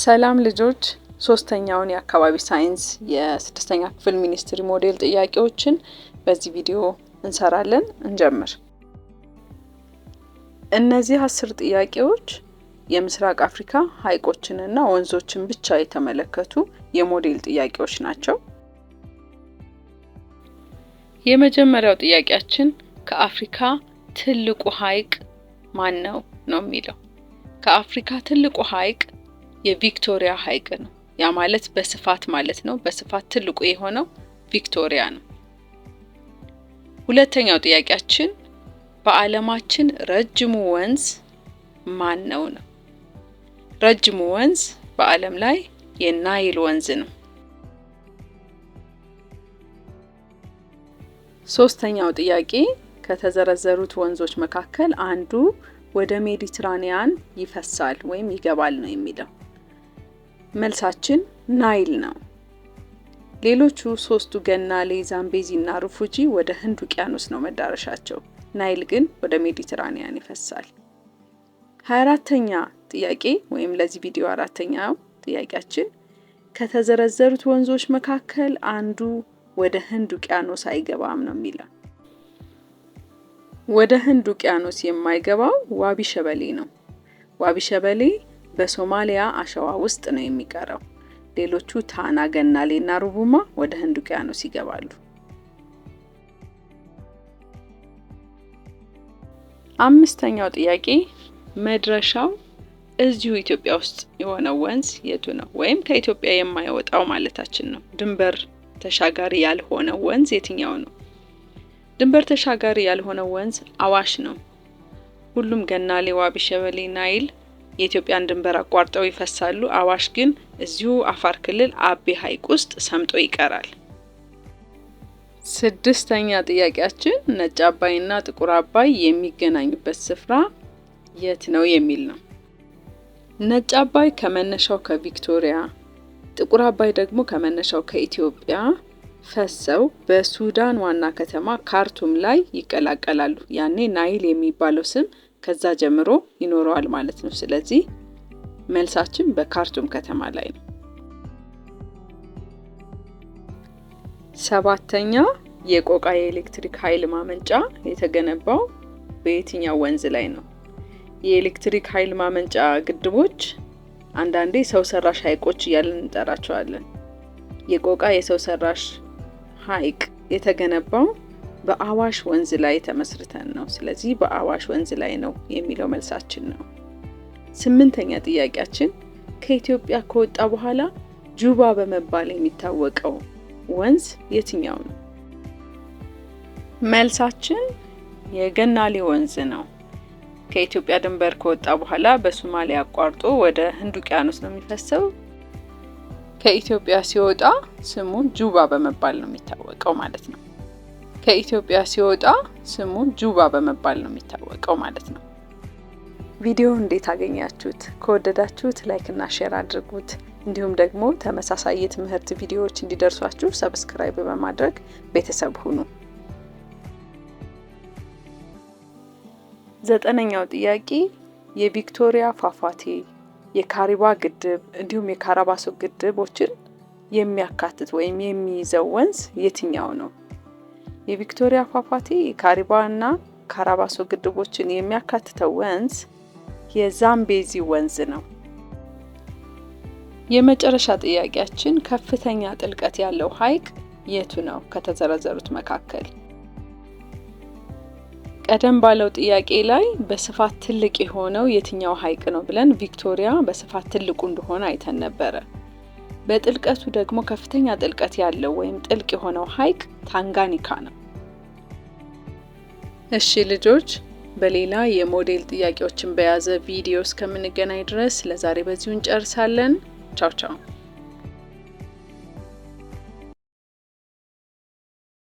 ሰላም ልጆች፣ ሶስተኛውን የአካባቢ ሳይንስ የስድስተኛ ክፍል ሚኒስትሪ ሞዴል ጥያቄዎችን በዚህ ቪዲዮ እንሰራለን። እንጀምር። እነዚህ አስር ጥያቄዎች የምስራቅ አፍሪካ ሐይቆችንና ወንዞችን ብቻ የተመለከቱ የሞዴል ጥያቄዎች ናቸው። የመጀመሪያው ጥያቄያችን ከአፍሪካ ትልቁ ሐይቅ ማን ነው ነው የሚለው ከአፍሪካ ትልቁ ሐይቅ የቪክቶሪያ ሐይቅ ነው። ያ ማለት በስፋት ማለት ነው። በስፋት ትልቁ የሆነው ቪክቶሪያ ነው። ሁለተኛው ጥያቄያችን በዓለማችን ረጅሙ ወንዝ ማን ነው ነው። ረጅሙ ወንዝ በዓለም ላይ የናይል ወንዝ ነው። ሶስተኛው ጥያቄ ከተዘረዘሩት ወንዞች መካከል አንዱ ወደ ሜዲትራኒያን ይፈሳል ወይም ይገባል ነው የሚለው መልሳችን ናይል ነው። ሌሎቹ ሶስቱ ገናሌ፣ ዛምቤዚ እና ሩፉጂ ወደ ህንድ ውቅያኖስ ነው መዳረሻቸው። ናይል ግን ወደ ሜዲትራኒያን ይፈሳል። ሀያ አራተኛ ጥያቄ ወይም ለዚህ ቪዲዮ አራተኛው ጥያቄያችን ከተዘረዘሩት ወንዞች መካከል አንዱ ወደ ህንድ ውቅያኖስ አይገባም ነው የሚለው። ወደ ህንድ ውቅያኖስ የማይገባው ዋቢ ሸበሌ ነው። ዋቢ ሸበሌ በሶማሊያ አሸዋ ውስጥ ነው የሚቀረው። ሌሎቹ ታና፣ ገናሌና ሩቡማ ወደ ህንድ ውቅያኖስ ይገባሉ። አምስተኛው ጥያቄ መድረሻው እዚሁ ኢትዮጵያ ውስጥ የሆነው ወንዝ የቱ ነው? ወይም ከኢትዮጵያ የማይወጣው ማለታችን ነው። ድንበር ተሻጋሪ ያልሆነው ወንዝ የትኛው ነው? ድንበር ተሻጋሪ ያልሆነው ወንዝ አዋሽ ነው። ሁሉም ገናሌ፣ ዋቢ ሸበሌ፣ ናይል የኢትዮጵያን ድንበር አቋርጠው ይፈሳሉ። አዋሽ ግን እዚሁ አፋር ክልል አቤ ሐይቅ ውስጥ ሰምጦ ይቀራል። ስድስተኛ ጥያቄያችን ነጭ አባይና ጥቁር አባይ የሚገናኙበት ስፍራ የት ነው የሚል ነው። ነጭ አባይ ከመነሻው ከቪክቶሪያ፣ ጥቁር አባይ ደግሞ ከመነሻው ከኢትዮጵያ ፈሰው በሱዳን ዋና ከተማ ካርቱም ላይ ይቀላቀላሉ። ያኔ ናይል የሚባለው ስም ከዛ ጀምሮ ይኖረዋል ማለት ነው። ስለዚህ መልሳችን በካርቱም ከተማ ላይ ነው። ሰባተኛ የቆቃ የኤሌክትሪክ ኃይል ማመንጫ የተገነባው በየትኛው ወንዝ ላይ ነው? የኤሌክትሪክ ኃይል ማመንጫ ግድቦች አንዳንዴ ሰው ሰራሽ ሐይቆች እያለን እንጠራቸዋለን። የቆቃ የሰው ሰራሽ ሐይቅ የተገነባው በአዋሽ ወንዝ ላይ ተመስርተን ነው። ስለዚህ በአዋሽ ወንዝ ላይ ነው የሚለው መልሳችን ነው። ስምንተኛ ጥያቄያችን ከኢትዮጵያ ከወጣ በኋላ ጁባ በመባል የሚታወቀው ወንዝ የትኛው ነው? መልሳችን የገናሌ ወንዝ ነው። ከኢትዮጵያ ድንበር ከወጣ በኋላ በሶማሊያ አቋርጦ ወደ ህንድ ውቅያኖስ ነው የሚፈሰው። ከኢትዮጵያ ሲወጣ ስሙ ጁባ በመባል ነው የሚታወቀው ማለት ነው። ከኢትዮጵያ ሲወጣ ስሙ ጁባ በመባል ነው የሚታወቀው ማለት ነው። ቪዲዮ እንዴት አገኛችሁት? ከወደዳችሁት ላይክ እና ሼር አድርጉት። እንዲሁም ደግሞ ተመሳሳይ የትምህርት ቪዲዮዎች እንዲደርሷችሁ ሰብስክራይብ በማድረግ ቤተሰብ ሁኑ። ዘጠነኛው ጥያቄ የቪክቶሪያ ፏፏቴ፣ የካሪባ ግድብ እንዲሁም የካራባሶ ግድቦችን የሚያካትት ወይም የሚይዘው ወንዝ የትኛው ነው? የቪክቶሪያ ፏፏቴ ካሪባና ካራባሶ ግድቦችን የሚያካትተው ወንዝ የዛምቤዚ ወንዝ ነው። የመጨረሻ ጥያቄያችን ከፍተኛ ጥልቀት ያለው ሐይቅ የቱ ነው ከተዘረዘሩት መካከል? ቀደም ባለው ጥያቄ ላይ በስፋት ትልቅ የሆነው የትኛው ሐይቅ ነው ብለን ቪክቶሪያ በስፋት ትልቁ እንደሆነ አይተን ነበረ። በጥልቀቱ ደግሞ ከፍተኛ ጥልቀት ያለው ወይም ጥልቅ የሆነው ሐይቅ ታንጋኒካ ነው። እሺ ልጆች በሌላ የሞዴል ጥያቄዎችን በያዘ ቪዲዮ እስከምንገናኝ ድረስ ለዛሬ በዚሁ እንጨርሳለን። ቻው ቻው።